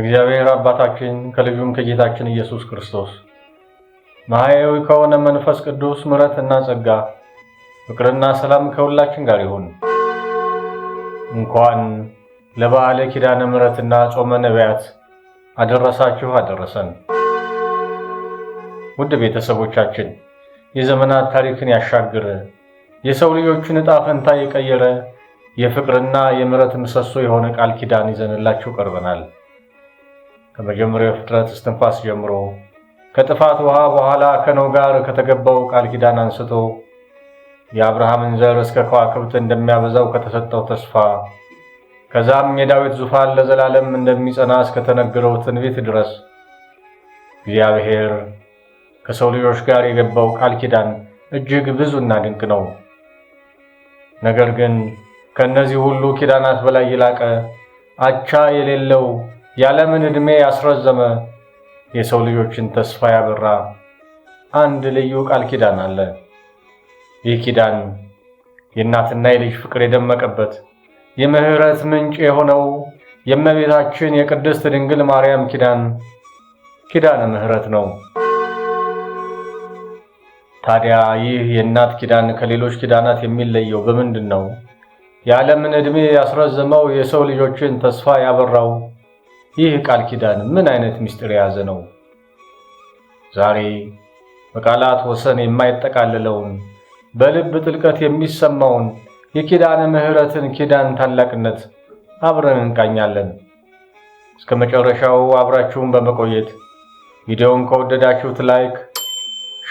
እግዚአብሔር አባታችን ከልጁም ከጌታችን ኢየሱስ ክርስቶስ መሐያዊ ከሆነ መንፈስ ቅዱስ ምሕረትና ጸጋ ፍቅርና ሰላም ከሁላችን ጋር ይሁን። እንኳን ለበዓለ ኪዳነ ምሕረትና ጾመ ነቢያት አደረሳችሁ አደረሰን። ውድ ቤተሰቦቻችን የዘመናት ታሪክን ያሻገረ የሰው ልጆችን ዕጣ ፈንታ የቀየረ የፍቅርና የምሕረት ምሰሶ የሆነ ቃል ኪዳን ይዘንላችሁ ቀርበናል። ከመጀመሪያው ፍጥረት እስትንፋስ ጀምሮ ከጥፋት ውሃ በኋላ ከነው ጋር ከተገባው ቃል ኪዳን አንስቶ የአብርሃምን ዘር እስከ ከዋክብት እንደሚያበዛው ከተሰጠው ተስፋ ከዛም የዳዊት ዙፋን ለዘላለም እንደሚጸና እስከተነገረው ትንቢት ድረስ እግዚአብሔር ከሰው ልጆች ጋር የገባው ቃል ኪዳን እጅግ ብዙና ድንቅ ነው። ነገር ግን ከእነዚህ ሁሉ ኪዳናት በላይ የላቀ አቻ የሌለው የዓለምን ዕድሜ ያስረዘመ የሰው ልጆችን ተስፋ ያበራ አንድ ልዩ ቃል ኪዳን አለ። ይህ ኪዳን የእናትና የልጅ ፍቅር የደመቀበት የምሕረት ምንጭ የሆነው የእመቤታችን የቅድስት ድንግል ማርያም ኪዳን ኪዳነ ምሕረት ነው። ታዲያ ይህ የእናት ኪዳን ከሌሎች ኪዳናት የሚለየው በምንድን ነው? የዓለምን ዕድሜ ያስረዘመው የሰው ልጆችን ተስፋ ያበራው ይህ ቃል ኪዳን ምን አይነት ምስጢር የያዘ ነው? ዛሬ በቃላት ወሰን የማይጠቃልለውን በልብ ጥልቀት የሚሰማውን የኪዳነ ምሕረትን ኪዳን ታላቅነት አብረን እንቃኛለን። እስከ መጨረሻው አብራችሁን በመቆየት ቪዲዮውን ከወደዳችሁት ላይክ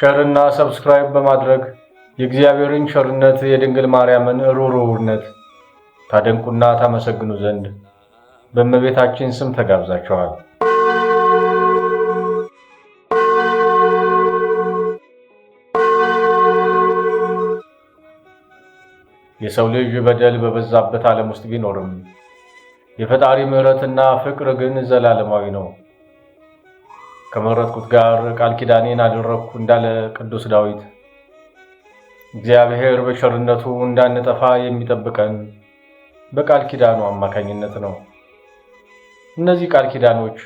ሸር እና ሰብስክራይብ በማድረግ የእግዚአብሔርን ቸርነት የድንግል ማርያምን ሩሩውነት ታደንቁና ታመሰግኑ ዘንድ በእመቤታችን ስም ተጋብዛችኋል። የሰው ልጅ በደል በበዛበት ዓለም ውስጥ ቢኖርም የፈጣሪ ምሕረትና ፍቅር ግን ዘላለማዊ ነው። ከመረጥኩት ጋር ቃል ኪዳኔን አደረግኩ እንዳለ ቅዱስ ዳዊት እግዚአብሔር በቸርነቱ እንዳንጠፋ የሚጠብቀን በቃል ኪዳኑ አማካኝነት ነው። እነዚህ ቃል ኪዳኖች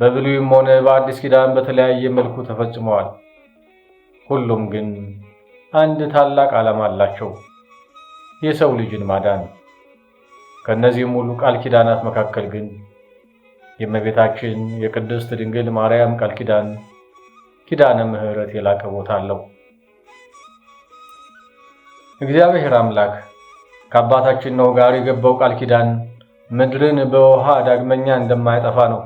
በብሉይም ሆነ በአዲስ ኪዳን በተለያየ መልኩ ተፈጽመዋል። ሁሉም ግን አንድ ታላቅ ዓላማ አላቸው፣ የሰው ልጅን ማዳን። ከእነዚህም ሙሉ ቃል ኪዳናት መካከል ግን የእመቤታችን የቅድስት ድንግል ማርያም ቃል ኪዳን ኪዳነ ምሕረት የላቀ ቦታ አለው። እግዚአብሔር አምላክ ከአባታችን ነው ጋር የገባው ቃል ኪዳን ምድርን በውሃ ዳግመኛ እንደማያጠፋ ነው።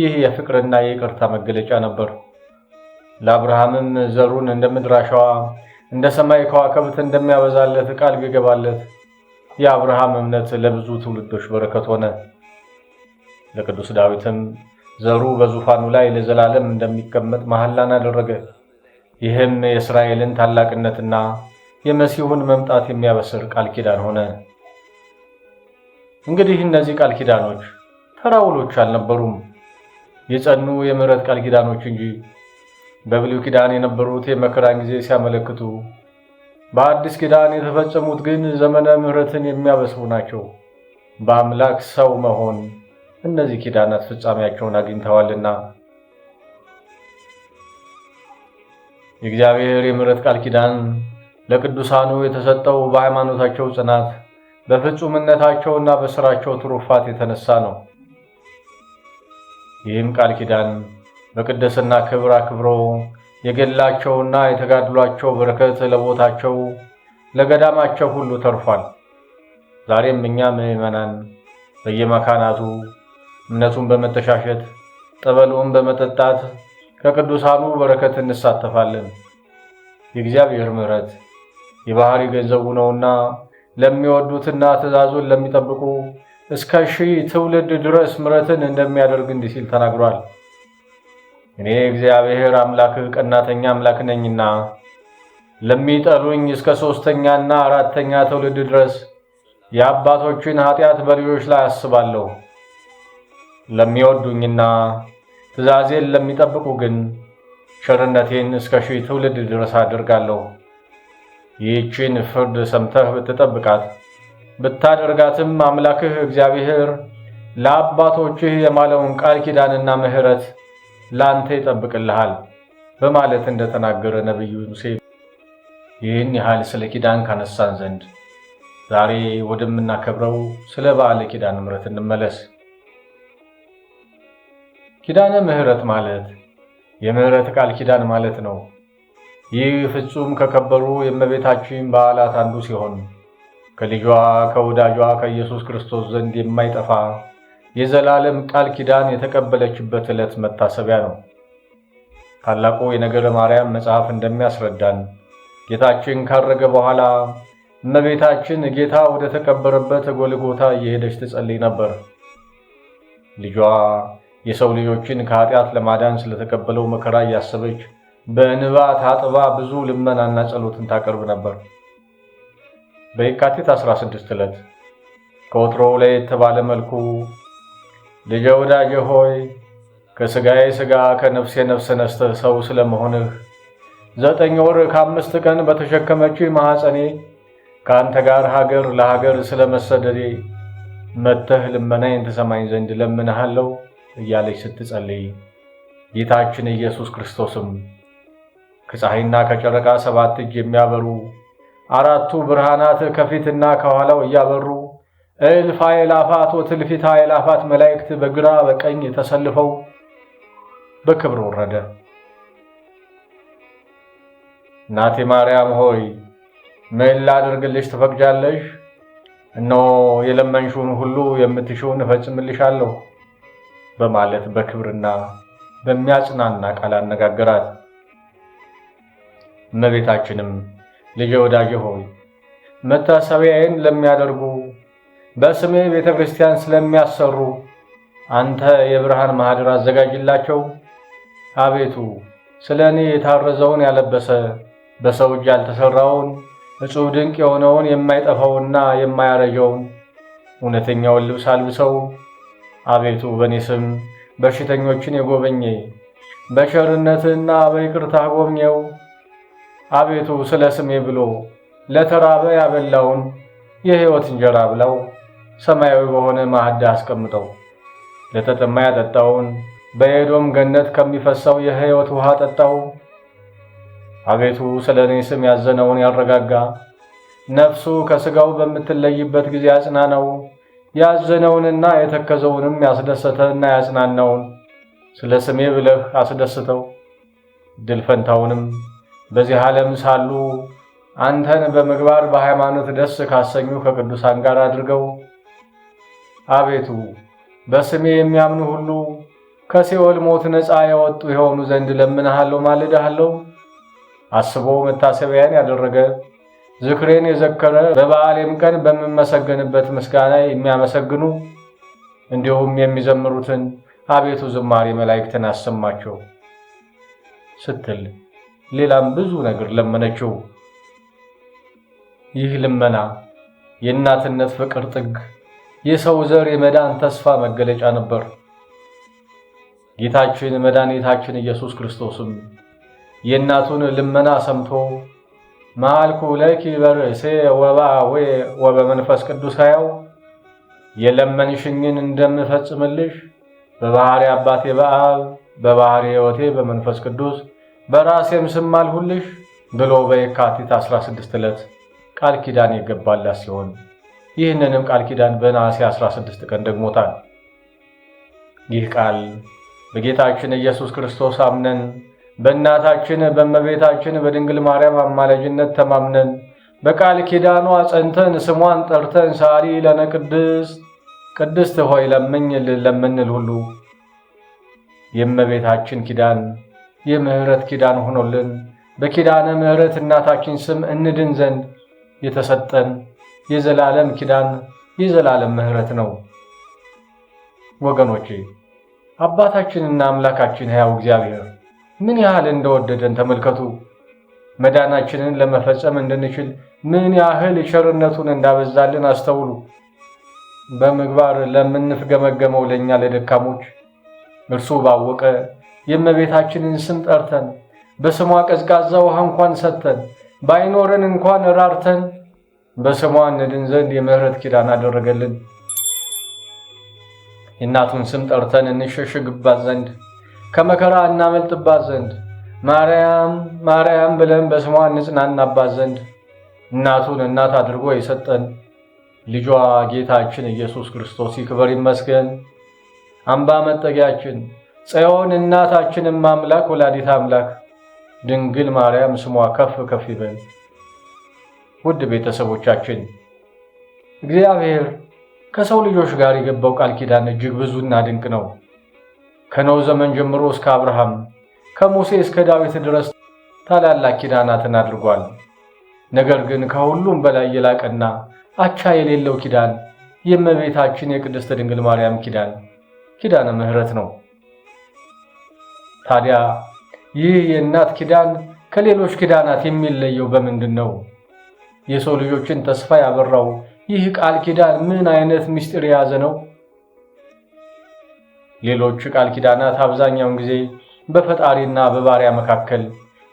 ይህ የፍቅርና የይቅርታ መገለጫ ነበር። ለአብርሃምም ዘሩን እንደ ምድር አሸዋ እንደ ሰማይ ከዋክብት እንደሚያበዛለት ቃል ቢገባለት የአብርሃም እምነት ለብዙ ትውልዶች በረከት ሆነ። ለቅዱስ ዳዊትም ዘሩ በዙፋኑ ላይ ለዘላለም እንደሚቀመጥ መሐላን አደረገ። ይህም የእስራኤልን ታላቅነትና የመሲሁን መምጣት የሚያበስር ቃል ኪዳን ሆነ። እንግዲህ እነዚህ ቃል ኪዳኖች ተራ ውሎች አልነበሩም፣ የጸኑ የምሕረት ቃል ኪዳኖች እንጂ። በብሉይ ኪዳን የነበሩት የመከራን ጊዜ ሲያመለክቱ፣ በአዲስ ኪዳን የተፈጸሙት ግን ዘመነ ምሕረትን የሚያበስሩ ናቸው። በአምላክ ሰው መሆን እነዚህ ኪዳናት ፍጻሜያቸውን አግኝተዋልና የእግዚአብሔር የምሕረት ቃል ኪዳን ለቅዱሳኑ የተሰጠው በሃይማኖታቸው ጽናት በፍጹምነታቸውና በሥራቸው ትሩፋት የተነሳ ነው። ይህም ቃል ኪዳን በቅድስና ክብር አክብሮ የገድላቸውና የተጋድሏቸው በረከት ለቦታቸው ለገዳማቸው ሁሉ ተርፏል። ዛሬም እኛ ምዕመናን በየመካናቱ እምነቱን በመተሻሸት ጠበሉን በመጠጣት ከቅዱሳኑ በረከት እንሳተፋለን። የእግዚአብሔር ምሕረት የባህሪ ገንዘቡ ነውና ለሚወዱትና ትእዛዙን ለሚጠብቁ እስከ ሺህ ትውልድ ድረስ ምሕረትን እንደሚያደርግ እንዲህ ሲል ተናግሯል። እኔ እግዚአብሔር አምላክ ቀናተኛ አምላክ ነኝና ለሚጠሉኝ እስከ ሦስተኛና አራተኛ ትውልድ ድረስ የአባቶችን ኃጢአት በልጆች ላይ አስባለሁ ለሚወዱኝና ትእዛዜን ለሚጠብቁ ግን ቸርነቴን እስከ ሺህ ትውልድ ድረስ አድርጋለሁ። ይህችን ፍርድ ሰምተህ ብትጠብቃት ብታደርጋትም አምላክህ እግዚአብሔር ለአባቶችህ የማለውን ቃል ኪዳንና ምሕረት ለአንተ ይጠብቅልሃል በማለት እንደተናገረ ነቢዩ ሙሴ። ይህን ያህል ስለ ኪዳን ካነሳን ዘንድ ዛሬ ወደምናከብረው ስለ በዓለ ኪዳን ምሕረት እንመለስ። ኪዳነ ምሕረት ማለት የምሕረት ቃል ኪዳን ማለት ነው። ይህ ፍጹም ከከበሩ የእመቤታችን በዓላት አንዱ ሲሆን ከልጇ ከወዳጇ ከኢየሱስ ክርስቶስ ዘንድ የማይጠፋ የዘላለም ቃል ኪዳን የተቀበለችበት ዕለት መታሰቢያ ነው። ታላቁ የነገረ ማርያም መጽሐፍ እንደሚያስረዳን ጌታችን ካረገ በኋላ እመቤታችን ጌታ ወደ ተቀበረበት ጎልጎታ እየሄደች ትጸልይ ነበር። ልጇ የሰው ልጆችን ከኃጢአት ለማዳን ስለተቀበለው መከራ እያሰበች በእንባ ታጥባ ብዙ ልመናና ጸሎትን ታቀርብ ነበር። በየካቲት 16 ዕለት ከወትሮው ላይ የተባለ መልኩ ልጄ ወዳጄ ሆይ ከሥጋዬ ሥጋ ከነፍሴ ነፍስ ነስተህ ሰው ስለመሆንህ ዘጠኝ ወር ከአምስት ቀን በተሸከመች ማኅፀኔ ከአንተ ጋር ሀገር ለሀገር ስለመሰደዴ መጥተህ ልመናዬን ተሰማኝ ዘንድ ለምንሃለው እያለች ስትጸልይ ጌታችን ኢየሱስ ክርስቶስም ከፀሐይና ከጨረቃ ሰባት እጅ የሚያበሩ አራቱ ብርሃናት ከፊትና ከኋላው እያበሩ እልፍ አእላፋት ወትእልፊተ አእላፋት መላእክት በግራ በቀኝ ተሰልፈው በክብር ወረደ። እናቴ ማርያም ሆይ ምን ላድርግልሽ ትፈቅጃለሽ? እነሆ የለመንሽውን ሁሉ የምትሽውን እፈጽምልሻለሁ በማለት በክብርና በሚያጽናና ቃል አነጋገራት። እመቤታችንም ልጄ ወዳጄ ሆይ መታሰቢያዬን ለሚያደርጉ በስሜ ቤተ ክርስቲያን ስለሚያሰሩ አንተ የብርሃን ማህደር አዘጋጅላቸው። አቤቱ ስለ እኔ የታረዘውን ያለበሰ በሰው እጅ ያልተሠራውን እጹብ ድንቅ የሆነውን የማይጠፋውና የማያረጀውን እውነተኛውን ልብስ አልብሰው አቤቱ በእኔ ስም በሽተኞችን የጎበኘ በቸርነትህና በይቅርታ ጎብኘው። አቤቱ ስለ ስሜ ብሎ ለተራበ ያበላውን የሕይወት እንጀራ ብለው ሰማያዊ በሆነ ማዕድ አስቀምጠው። ለተጠማ ያጠጣውን በኤዶም ገነት ከሚፈሰው የሕይወት ውሃ ጠጣው። አቤቱ ስለ እኔ ስም ያዘነውን ያረጋጋ፣ ነፍሱ ከሥጋው በምትለይበት ጊዜ አጽናነው። ያዘነውንና የተከዘውንም ያስደሰተና ያጽናናውን ስለ ስሜ ብለህ አስደስተው። ድል ፈንታውንም በዚህ ዓለም ሳሉ አንተን በምግባር በሃይማኖት ደስ ካሰኙ ከቅዱሳን ጋር አድርገው። አቤቱ በስሜ የሚያምኑ ሁሉ ከሲኦል ሞት ነፃ የወጡ የሆኑ ዘንድ ለምንሃለሁ፣ ማልድሃለሁ። አስቦ መታሰቢያን ያደረገ ዝክሬን የዘከረ በበዓሌም ቀን በምመሰገንበት ምስጋና የሚያመሰግኑ እንዲሁም የሚዘምሩትን አቤቱ ዝማሬ መላእክትን አሰማቸው ስትል ሌላም ብዙ ነገር ለመነችው። ይህ ልመና የእናትነት ፍቅር ጥግ፣ የሰው ዘር የመዳን ተስፋ መገለጫ ነበር። ጌታችን መድኃኒታችን ኢየሱስ ክርስቶስም የእናቱን ልመና ሰምቶ ማልኩ ለኪ በርእሴ ወባዌ ወበመንፈስ ቅዱስ ሕያው የለመንሽኝን እንደምፈጽምልሽ በባህሪ አባቴ በአብ በባህሪ ሕይወቴ በመንፈስ ቅዱስ በራሴም ስም ማልሁልሽ ብሎ በየካቲት 16 ዕለት ቃል ኪዳን የገባላት ሲሆን ይህንንም ቃል ኪዳን በነሐሴ 16 ቀን ደግሞታል። ይህ ቃል በጌታችን ኢየሱስ ክርስቶስ አምነን በእናታችን በእመቤታችን በድንግል ማርያም አማላጅነት ተማምነን በቃል ኪዳኗ ጸንተን ስሟን ጠርተን ሳሪ ለነ ቅድስት ቅድስት ሆይ ለምንል ሁሉ የእመቤታችን ኪዳን የምሕረት ኪዳን ሆኖልን በኪዳነ ምሕረት እናታችን ስም እንድን ዘንድ የተሰጠን የዘላለም ኪዳን የዘላለም ምሕረት ነው። ወገኖቼ አባታችንና አምላካችን ሕያው እግዚአብሔር ምን ያህል እንደወደደን ተመልከቱ። መዳናችንን ለመፈጸም እንድንችል ምን ያህል ቸርነቱን እንዳበዛልን አስተውሉ። በምግባር ለምንፍገመገመው ለእኛ ለደካሞች እርሱ ባወቀ የእመቤታችንን ስም ጠርተን በስሟ ቀዝቃዛ ውሃ እንኳን ሰጥተን ባይኖረን እንኳን ራርተን በስሟ እንድን ዘንድ የምሕረት ኪዳን አደረገልን። የእናቱን ስም ጠርተን እንሸሽግባት ዘንድ ከመከራ እናመልጥባት ዘንድ ማርያም ማርያም ብለን በስሟ እንጽናናባት ዘንድ እናቱን እናት አድርጎ የሰጠን ልጇ ጌታችን ኢየሱስ ክርስቶስ ይክበር ይመስገን። አምባ መጠጊያችን ጽዮን እናታችንም አምላክ ወላዲት አምላክ ድንግል ማርያም ስሟ ከፍ ከፍ ይበል። ውድ ቤተሰቦቻችን እግዚአብሔር ከሰው ልጆች ጋር የገባው ቃል ኪዳን እጅግ ብዙና ድንቅ ነው። ከኖህ ዘመን ጀምሮ እስከ አብርሃም ከሙሴ እስከ ዳዊት ድረስ ታላላቅ ኪዳናትን አድርጓል። ነገር ግን ከሁሉም በላይ የላቀና አቻ የሌለው ኪዳን የእመቤታችን የቅድስት ድንግል ማርያም ኪዳን ኪዳነ ምሕረት ነው። ታዲያ ይህ የእናት ኪዳን ከሌሎች ኪዳናት የሚለየው በምንድን ነው? የሰው ልጆችን ተስፋ ያበራው ይህ ቃል ኪዳን ምን አይነት ምስጢር የያዘ ነው? ሌሎች ቃል ኪዳናት አብዛኛውን ጊዜ በፈጣሪና በባሪያ መካከል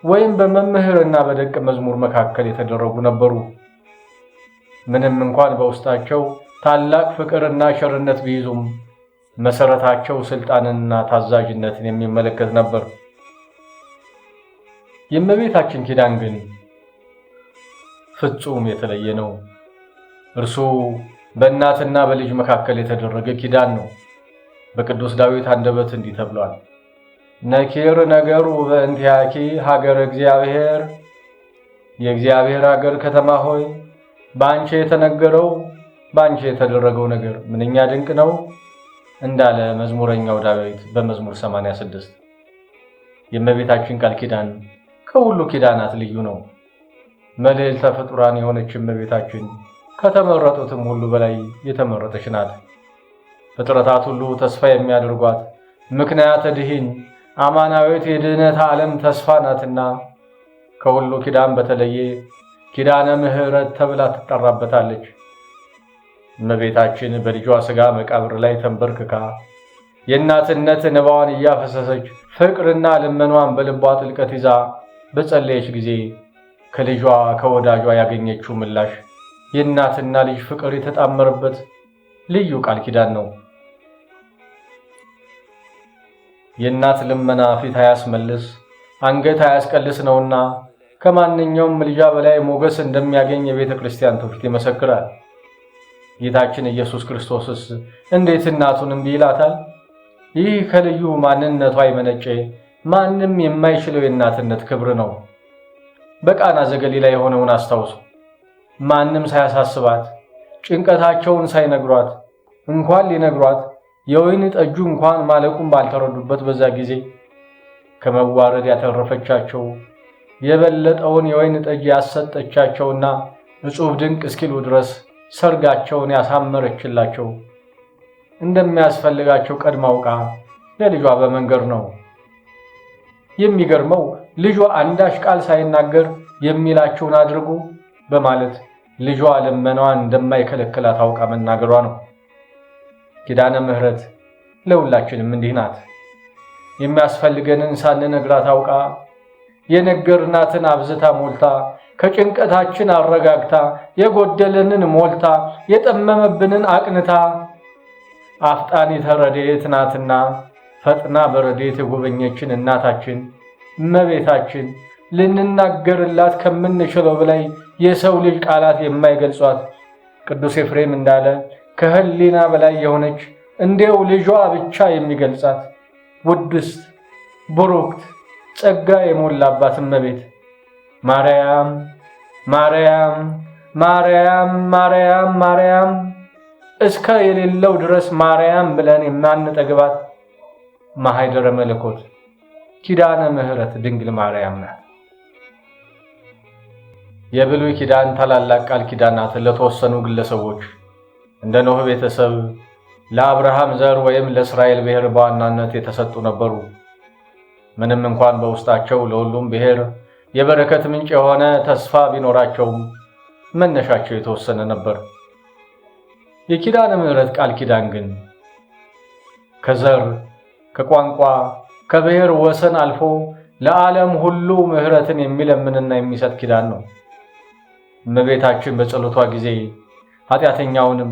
ወይም በመምህርና በደቀ መዝሙር መካከል የተደረጉ ነበሩ። ምንም እንኳን በውስጣቸው ታላቅ ፍቅርና ሸርነት ቢይዙም መሰረታቸው ስልጣንንና ታዛዥነትን የሚመለከት ነበር። የእመቤታችን ኪዳን ግን ፍጹም የተለየ ነው። እርሱ በእናትና በልጅ መካከል የተደረገ ኪዳን ነው። በቅዱስ ዳዊት አንደበት እንዲህ ተብሏል። ነኪር ነገሩ በእንቲያኪ ሀገር እግዚአብሔር፣ የእግዚአብሔር ሀገር ከተማ ሆይ በአንቺ የተነገረው በአንቺ የተደረገው ነገር ምንኛ ድንቅ ነው እንዳለ መዝሙረኛው ዳዊት በመዝሙር 86። የእመቤታችን ቃል ኪዳን ከሁሉ ኪዳናት ልዩ ነው። መልዕልተ ፍጡራን የሆነች እመቤታችን ከተመረጡትም ሁሉ በላይ የተመረጠች ናት። ፍጥረታት ሁሉ ተስፋ የሚያደርጓት ምክንያት ድኅን አማናዊት የድህነት ዓለም ተስፋ ናትና ከሁሉ ኪዳን በተለየ ኪዳነ ምሕረት ተብላ ትጠራበታለች። እመቤታችን በልጇ ሥጋ መቃብር ላይ ተንበርክካ የእናትነት እንባዋን እያፈሰሰች ፍቅርና ልመኗን በልቧ ጥልቀት ይዛ በጸለየች ጊዜ ከልጇ ከወዳጇ ያገኘችው ምላሽ የእናትና ልጅ ፍቅር የተጣመረበት ልዩ ቃል ኪዳን ነው። የእናት ልመና ፊት አያስመልስ አንገት አያስቀልስ ነውና ከማንኛውም ምልጃ በላይ ሞገስ እንደሚያገኝ የቤተ ክርስቲያን ትውፊት ይመሰክራል። ጌታችን ኢየሱስ ክርስቶስስ እንዴት እናቱን እምቢ ይላታል? ይህ ከልዩ ማንነቷ የመነጨ ማንም የማይችለው የእናትነት ክብር ነው። በቃና ዘገሊላ የሆነውን አስታውሱ። ማንም ሳያሳስባት ጭንቀታቸውን ሳይነግሯት እንኳን ሊነግሯት የወይን ጠጁ እንኳን ማለቁን ባልተረዱበት በዛ ጊዜ ከመዋረድ ያተረፈቻቸው የበለጠውን የወይን ጠጅ ያሰጠቻቸውና እጹብ ድንቅ እስኪሉ ድረስ ሰርጋቸውን ያሳመረችላቸው እንደሚያስፈልጋቸው ቀድማ አውቃ ለልጇ በመንገር ነው። የሚገርመው ልጇ አንዳች ቃል ሳይናገር የሚላቸውን አድርጉ በማለት ልጇ ልመናዋን እንደማይከለክላት አውቃ መናገሯ ነው። ኪዳነ ምሕረት ለሁላችንም እንዲህ ናት። የሚያስፈልገንን ሳንነግራት አውቃ የነገርናትን አብዝታ ሞልታ ከጭንቀታችን አረጋግታ የጎደለንን ሞልታ የጠመመብንን አቅንታ አፍጣኒተ ረድኤት ናትና ፈጥና በረድኤት የጎበኘችን እናታችን እመቤታችን ልንናገርላት ከምንችለው በላይ የሰው ልጅ ቃላት የማይገልጿት ቅዱስ ኤፍሬም እንዳለ ከህሊና በላይ የሆነች እንዲው ልጇ ብቻ የሚገልጻት ውድስት ቡሩክት ጸጋ የሞላባት እመቤት ማርያም ማርያም ማርያም ማርያም ማርያም እስከ የሌለው ድረስ ማርያም ብለን የማንጠግባት ማህደረ መለኮት ኪዳነ ምሕረት ድንግል ማርያም ናት። የብሉይ ኪዳን ታላላቅ ቃል ኪዳናት ለተወሰኑ ግለሰቦች እንደ ኖህ ቤተሰብ ለአብርሃም ዘር ወይም ለእስራኤል ብሔር በዋናነት የተሰጡ ነበሩ። ምንም እንኳን በውስጣቸው ለሁሉም ብሔር የበረከት ምንጭ የሆነ ተስፋ ቢኖራቸውም መነሻቸው የተወሰነ ነበር። የኪዳነ ምሕረት ቃል ኪዳን ግን ከዘር፣ ከቋንቋ፣ ከብሔር ወሰን አልፎ ለዓለም ሁሉ ምሕረትን የሚለምንና የሚሰጥ ኪዳን ነው። እመቤታችን በጸሎቷ ጊዜ ኃጢአተኛውንም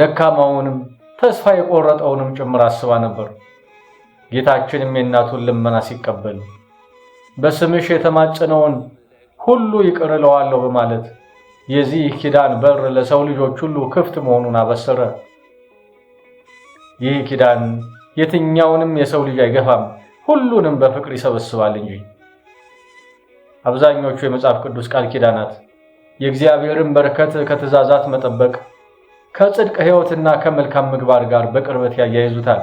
ደካማውንም ተስፋ የቆረጠውንም ጭምር አስባ ነበር። ጌታችንም የእናቱን ልመና ሲቀበል በስምሽ የተማጸነውን ሁሉ ይቅር እለዋለሁ በማለት የዚህ ኪዳን በር ለሰው ልጆች ሁሉ ክፍት መሆኑን አበሰረ። ይህ ኪዳን የትኛውንም የሰው ልጅ አይገፋም፣ ሁሉንም በፍቅር ይሰበስባል እንጂ። አብዛኞቹ የመጽሐፍ ቅዱስ ቃል ኪዳናት የእግዚአብሔርን በረከት ከትእዛዛት መጠበቅ ከጽድቅ ሕይወትና ከመልካም ምግባር ጋር በቅርበት ያያይዙታል።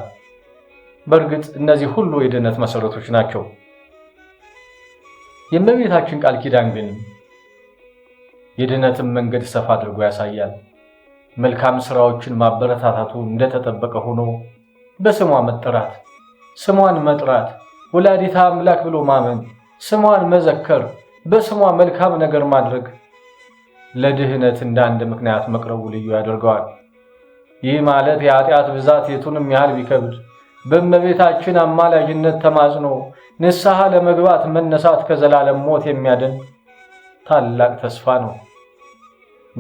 በእርግጥ እነዚህ ሁሉ የድህነት መሠረቶች ናቸው። የእመቤታችን ቃል ኪዳን ግን የድህነትን መንገድ ሰፋ አድርጎ ያሳያል። መልካም ሥራዎችን ማበረታታቱ እንደተጠበቀ ሆኖ በስሟ መጠራት፣ ስሟን መጥራት፣ ወላዲታ አምላክ ብሎ ማመን፣ ስሟን መዘከር፣ በስሟ መልካም ነገር ማድረግ ለድህነት እንደ አንድ ምክንያት መቅረቡ ልዩ ያደርገዋል። ይህ ማለት የኃጢአት ብዛት የቱንም ያህል ቢከብድ በእመቤታችን አማላጅነት ተማጽኖ ንስሐ ለመግባት መነሳት ከዘላለም ሞት የሚያድን ታላቅ ተስፋ ነው።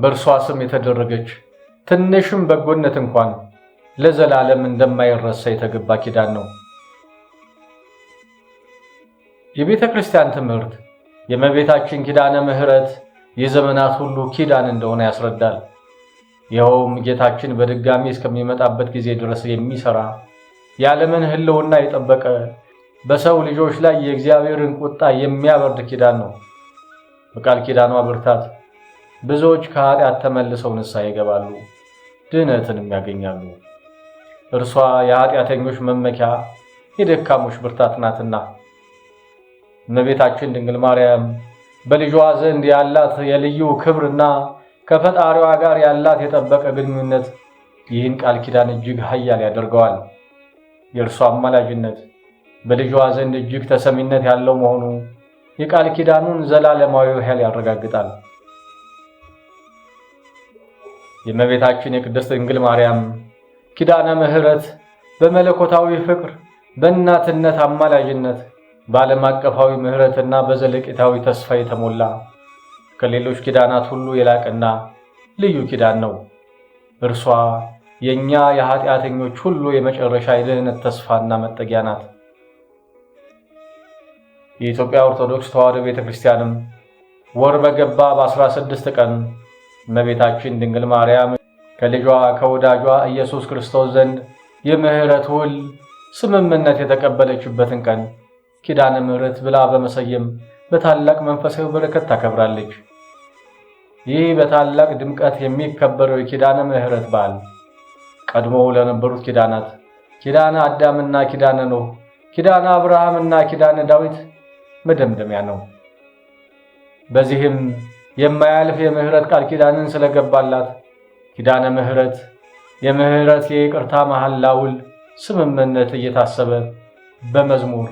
በእርሷ ስም የተደረገች ትንሽም በጎነት እንኳን ለዘላለም እንደማይረሳ የተገባ ኪዳን ነው። የቤተ ክርስቲያን ትምህርት የእመቤታችን ኪዳነ ምሕረት የዘመናት ሁሉ ኪዳን እንደሆነ ያስረዳል። ይኸውም ጌታችን በድጋሚ እስከሚመጣበት ጊዜ ድረስ የሚሰራ የዓለምን ሕልውና የጠበቀ በሰው ልጆች ላይ የእግዚአብሔርን ቁጣ የሚያበርድ ኪዳን ነው። በቃል ኪዳኗ ብርታት ብዙዎች ከኃጢአት ተመልሰው ንስሐ ይገባሉ፣ ድህነትንም ያገኛሉ። እርሷ የኃጢአተኞች መመኪያ፣ የደካሞች ብርታት ናትና እመቤታችን ድንግል ማርያም በልጇ ዘንድ ያላት የልዩ ክብርና ከፈጣሪዋ ጋር ያላት የጠበቀ ግንኙነት ይህን ቃል ኪዳን እጅግ ኃያል ያደርገዋል። የእርሷ አማላጅነት በልጇ ዘንድ እጅግ ተሰሚነት ያለው መሆኑ የቃል ኪዳኑን ዘላለማዊ ኃይል ያረጋግጣል። የእመቤታችን የቅድስት ድንግል ማርያም ኪዳነ ምሕረት በመለኮታዊ ፍቅር በእናትነት አማላጅነት በዓለም አቀፋዊ ምሕረትና በዘለቄታዊ ተስፋ የተሞላ ከሌሎች ኪዳናት ሁሉ የላቀና ልዩ ኪዳን ነው። እርሷ የእኛ የኃጢአተኞች ሁሉ የመጨረሻ የድህነት ተስፋና መጠጊያ ናት። የኢትዮጵያ ኦርቶዶክስ ተዋሕዶ ቤተ ክርስቲያንም ወር በገባ በ16 ቀን እመቤታችን ድንግል ማርያም ከልጇ ከወዳጇ ኢየሱስ ክርስቶስ ዘንድ የምሕረት ውል ስምምነት የተቀበለችበትን ቀን ኪዳነ ምሕረት ብላ በመሰየም በታላቅ መንፈሳዊ በረከት ታከብራለች። ይህ በታላቅ ድምቀት የሚከበረው የኪዳነ ምሕረት በዓል ቀድሞ ለነበሩት ኪዳናት ኪዳነ አዳምና ኪዳነ ኖህ፣ ኪዳነ አብርሃምና ኪዳነ ዳዊት መደምደሚያ ነው። በዚህም የማያልፍ የምህረት ቃል ኪዳንን ስለገባላት ኪዳነ ምሕረት የምህረት የይቅርታ መሐላ ውል ስምምነት እየታሰበ በመዝሙር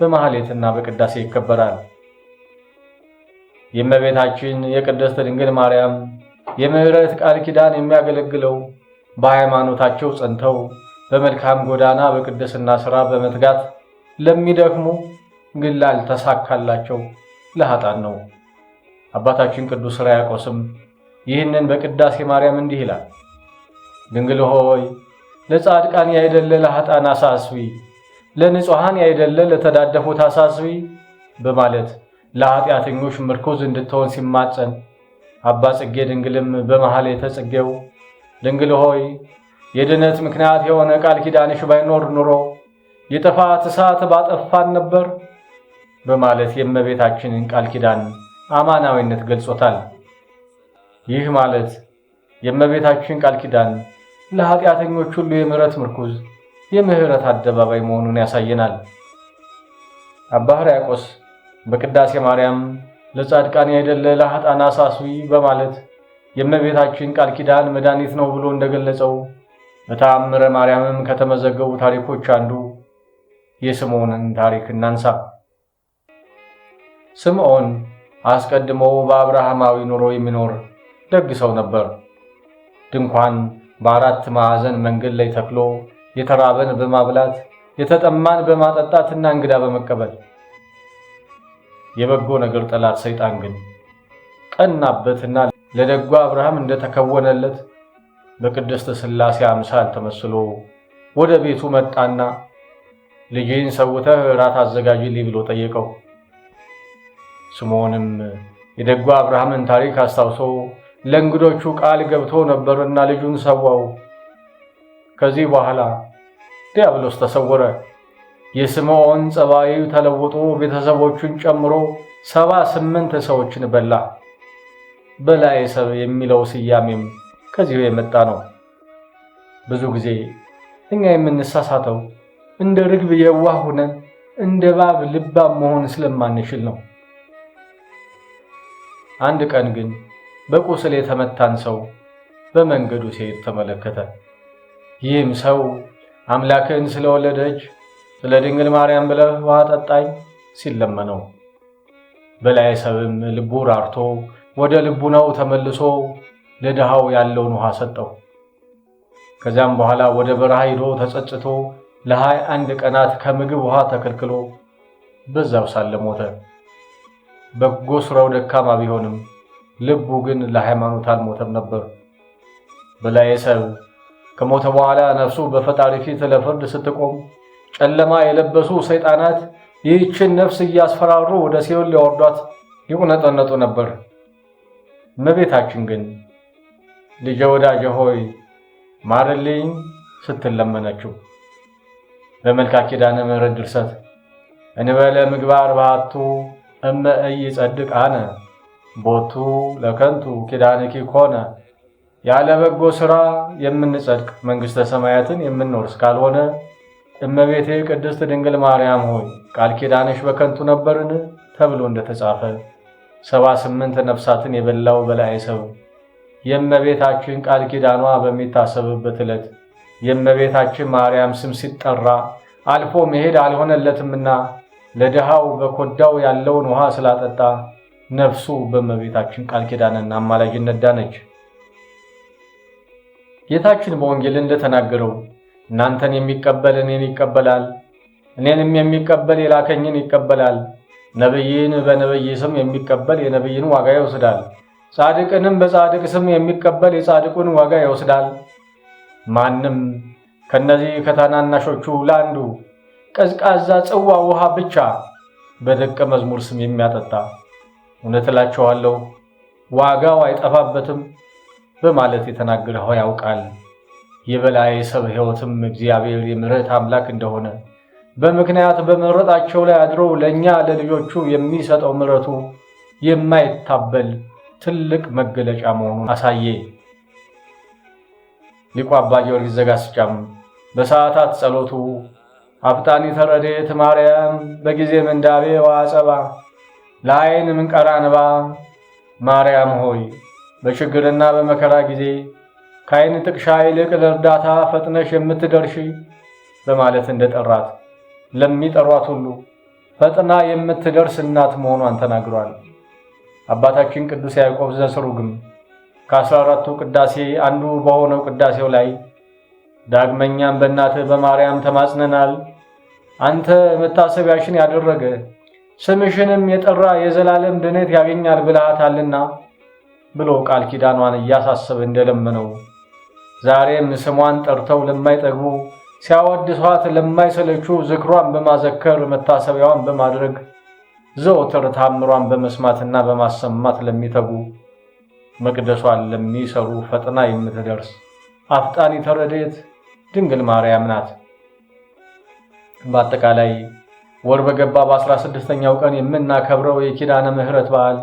በማህሌትና በቅዳሴ ይከበራል። የእመቤታችን የቅድስት ድንግል ማርያም የምሕረት ቃል ኪዳን የሚያገለግለው በሃይማኖታቸው ጸንተው በመልካም ጎዳና በቅድስና ሥራ በመትጋት ለሚደክሙ ግን ላልተሳካላቸው ለኃጣን ነው። አባታችን ቅዱስ ሕርያቆስም ይህንን በቅዳሴ ማርያም እንዲህ ይላል፦ ድንግል ሆይ ለጻድቃን ያይደለ ለኃጣን አሳስቢ ለንጹሐን ያይደለ ለተዳደፉት አሳስቢ በማለት ለኃጢአተኞች ምርኩዝ እንድትሆን ሲማጸን አባ ጽጌ ድንግልም በመሃል የተጽጌው ድንግል ሆይ የድነት ምክንያት የሆነ ቃል ኪዳንሽ ባይኖር ኑሮ የጥፋት እሳት ባጠፋን ነበር በማለት የእመቤታችንን ቃል ኪዳን አማናዊነት ገልጾታል። ይህ ማለት የእመቤታችን ቃል ኪዳን ለኃጢአተኞች ሁሉ የምሕረት ምርኩዝ የምህረት አደባባይ መሆኑን ያሳየናል። አባ ሕርያቆስ በቅዳሴ ማርያም ለጻድቃን ያይደለ ለኃጥአን አሳስቢ በማለት የእመቤታችን ቃል ኪዳን መድኃኒት ነው ብሎ እንደገለጸው በተአምረ ማርያምም ከተመዘገቡ ታሪኮች አንዱ የስምዖንን ታሪክ እናንሳ። ስምዖን አስቀድሞ በአብርሃማዊ ኑሮ የሚኖር ደግ ሰው ነበር። ድንኳን በአራት ማዕዘን መንገድ ላይ ተክሎ የተራበን በማብላት የተጠማን በማጠጣትና እንግዳ በመቀበል። የበጎ ነገር ጠላት ሰይጣን ግን ቀናበትና ለደጎ አብርሃም እንደተከወነለት በቅድስተ ሥላሴ አምሳል ተመስሎ ወደ ቤቱ መጣና ልጅን ሰውተህ እራት አዘጋጅልኝ ብሎ ጠየቀው። ስምዖንም የደጎ አብርሃምን ታሪክ አስታውሶ ለእንግዶቹ ቃል ገብቶ ነበርና ልጁን ሰዋው። ከዚህ በኋላ ዲያብሎስ ተሰወረ። የስምዖን ጸባይ ተለውጦ ቤተሰቦቹን ጨምሮ ሰባ ስምንት ሰዎችን በላ። በላይ ሰብ የሚለው ስያሜም ከዚሁ የመጣ ነው። ብዙ ጊዜ እኛ የምንሳሳተው እንደ ርግብ የዋህ ሆነን እንደ ባብ ልባም መሆን ስለማንችል ነው። አንድ ቀን ግን በቁስል የተመታን ሰው በመንገዱ ሲሄድ ተመለከተ። ይህም ሰው አምላክን ስለወለደች ስለ ድንግል ማርያም ብለህ ውሃ ጠጣኝ ሲለመነው በላይ ሰብም ልቡ ራርቶ ወደ ልቡ ነው ተመልሶ ለድሃው ያለውን ውሃ ሰጠው። ከዚያም በኋላ ወደ በረሃ ሂዶ ተጸጽቶ ለሀያ አንድ ቀናት ከምግብ ውሃ ተከልክሎ በዛው ሳለ ሞተ። በጎ ስራው ደካማ ቢሆንም ልቡ ግን ለሃይማኖት አልሞተም ነበር። በላይ ሰብ ከሞተ በኋላ ነፍሱ በፈጣሪ ፊት ለፍርድ ስትቆም ጨለማ የለበሱ ሰይጣናት ይህችን ነፍስ እያስፈራሩ ወደ ሲኦል ሊያወርዷት ይቁነጠነጡ ነበር። እመቤታችን ግን ልጄ ወዳጄ ሆይ ማርልኝ ስትለመነችው በመልካ ኪዳነ ምሕረት ድርሰት እንበለ ምግባር ባቱ እመ ኢይጸድቅ አነ ቦቱ ለከንቱ ኪዳንኪ ኮነ ያለ በጎ ስራ የምንጸድቅ መንግሥተ ሰማያትን የምንወርስ ካልሆነ እመቤቴ ቅድስት ድንግል ማርያም ሆይ ቃል ኪዳንሽ በከንቱ ነበርን ተብሎ እንደተጻፈ ሰባ ስምንት ነፍሳትን የበላው በላይ ሰው የእመቤታችን ቃል ኪዳኗ በሚታሰብበት ዕለት የእመቤታችን ማርያም ስም ሲጠራ አልፎ መሄድ አልሆነለትምና ለድሃው በኮዳው ያለውን ውሃ ስላጠጣ ነፍሱ በእመቤታችን ቃል ኪዳንና አማላጅነት ዳነች። ጌታችን በወንጌል እንደተናገረው እናንተን የሚቀበል እኔን ይቀበላል፣ እኔንም የሚቀበል የላከኝን ይቀበላል። ነቢይን በነቢይ ስም የሚቀበል የነቢይን ዋጋ ይወስዳል፣ ጻድቅንም በጻድቅ ስም የሚቀበል የጻድቁን ዋጋ ይወስዳል። ማንም ከእነዚህ ከታናናሾቹ ለአንዱ ቀዝቃዛ ጽዋ ውሃ ብቻ በደቀ መዝሙር ስም የሚያጠጣ እውነት እላችኋለሁ ዋጋው አይጠፋበትም በማለት የተናገረ ሆይ ያውቃል። የበላይ ሰብ ሕይወትም እግዚአብሔር የምሕረት አምላክ እንደሆነ በምክንያት በመረጣቸው ላይ አድሮ ለእኛ ለልጆቹ የሚሰጠው ምሕረቱ የማይታበል ትልቅ መገለጫ መሆኑን አሳየ። ሊቁ አባ ጊዮርጊስ ዘጋስጫም በሰዓታት ጸሎቱ አብጣኒ ተረዴት ማርያም በጊዜ ምንዳቤ ዋጸባ ለአይን ምንቀራ ንባ ማርያም ሆይ በችግርና በመከራ ጊዜ ከዓይን ጥቅሻ ይልቅ ለእርዳታ ፈጥነሽ የምትደርሺ በማለት እንደጠራት ለሚጠሯት ሁሉ ፈጥና የምትደርስ እናት መሆኗን ተናግሯል። አባታችን ቅዱስ ያዕቆብ ዘስሩግም ከአስራ አራቱ ቅዳሴ አንዱ በሆነው ቅዳሴው ላይ ዳግመኛም በእናትህ በማርያም ተማጽነናል። አንተ መታሰቢያሽን ያደረገ ስምሽንም የጠራ የዘላለም ድነት ያገኛል ብልሃታልና ብሎ ቃል ኪዳኗን እያሳሰበ እንደለመነው ዛሬም ስሟን ጠርተው ለማይጠግቡ ሲያወድሷት ለማይሰለቹ ዝክሯን በማዘከር መታሰቢያዋን በማድረግ ዘወትር ታምሯን በመስማትና በማሰማት ለሚተጉ መቅደሷን ለሚሰሩ ፈጥና የምትደርስ አፍጣኒ ተረዴት ድንግል ማርያም ናት። በአጠቃላይ ወር በገባ በ16ኛው ቀን የምናከብረው የኪዳነ ምሕረት በዓል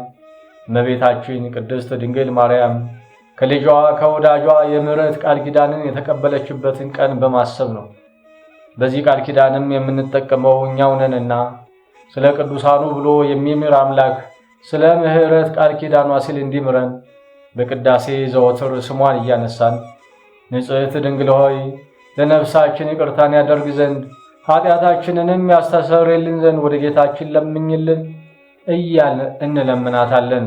እመቤታችን ቅድስት ድንግል ማርያም ከልጇ ከወዳጇ የምሕረት ቃል ኪዳንን የተቀበለችበትን ቀን በማሰብ ነው። በዚህ ቃል ኪዳንም የምንጠቀመው እኛው ነንና ስለ ቅዱሳኑ ብሎ የሚምር አምላክ ስለ ምሕረት ቃል ኪዳኗ ሲል እንዲምረን በቅዳሴ ዘወትር ስሟን እያነሳን ንጽሕት ድንግል ሆይ ለነፍሳችን ይቅርታን ያደርግ ዘንድ ኃጢአታችንንም ያስተሰርይልን ዘንድ ወደ ጌታችን ለምኝልን እያል እንለምናታለን።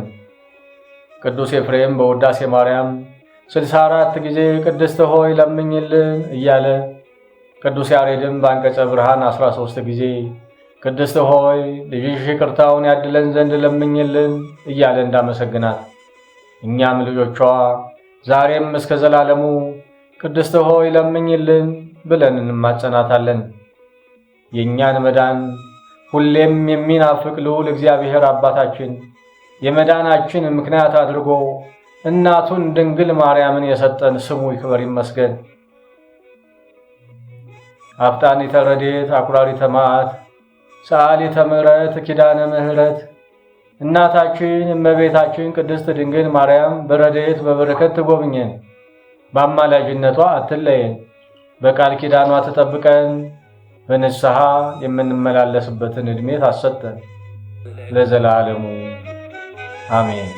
ቅዱስ ኤፍሬም በውዳሴ ማርያም ስልሳ አራት ጊዜ ቅድስት ሆይ ለምኝልን እያለ ቅዱስ ያሬድም በአንቀጸ ብርሃን 13 ጊዜ ቅድስት ሆይ ልጅሽ ይቅርታውን ያድለን ዘንድ ለምኝልን እያለ እንዳመሰግናት እኛም ልጆቿ ዛሬም እስከ ዘላለሙ ቅድስት ሆይ ለምኝልን ብለን እንማጸናታለን። የእኛን መዳን ሁሌም የሚናፍቅ ልዑል እግዚአብሔር አባታችን የመዳናችን ምክንያት አድርጎ እናቱን ድንግል ማርያምን የሰጠን ስሙ ይክበር ይመስገን። አፍጣኒተ ረድኤት፣ አኩራሪ መዓት፣ ሰዓሊተ ምሕረት፣ ኪዳነ ምሕረት እናታችን እመቤታችን ቅድስት ድንግል ማርያም በረድኤት በበረከት ትጎብኘን፣ በአማላጅነቷ አትለየን፣ በቃል ኪዳኗ ትጠብቀን በንስሐ የምንመላለስበትን ዕድሜ ታሰጠን ለዘላለሙ አሜን።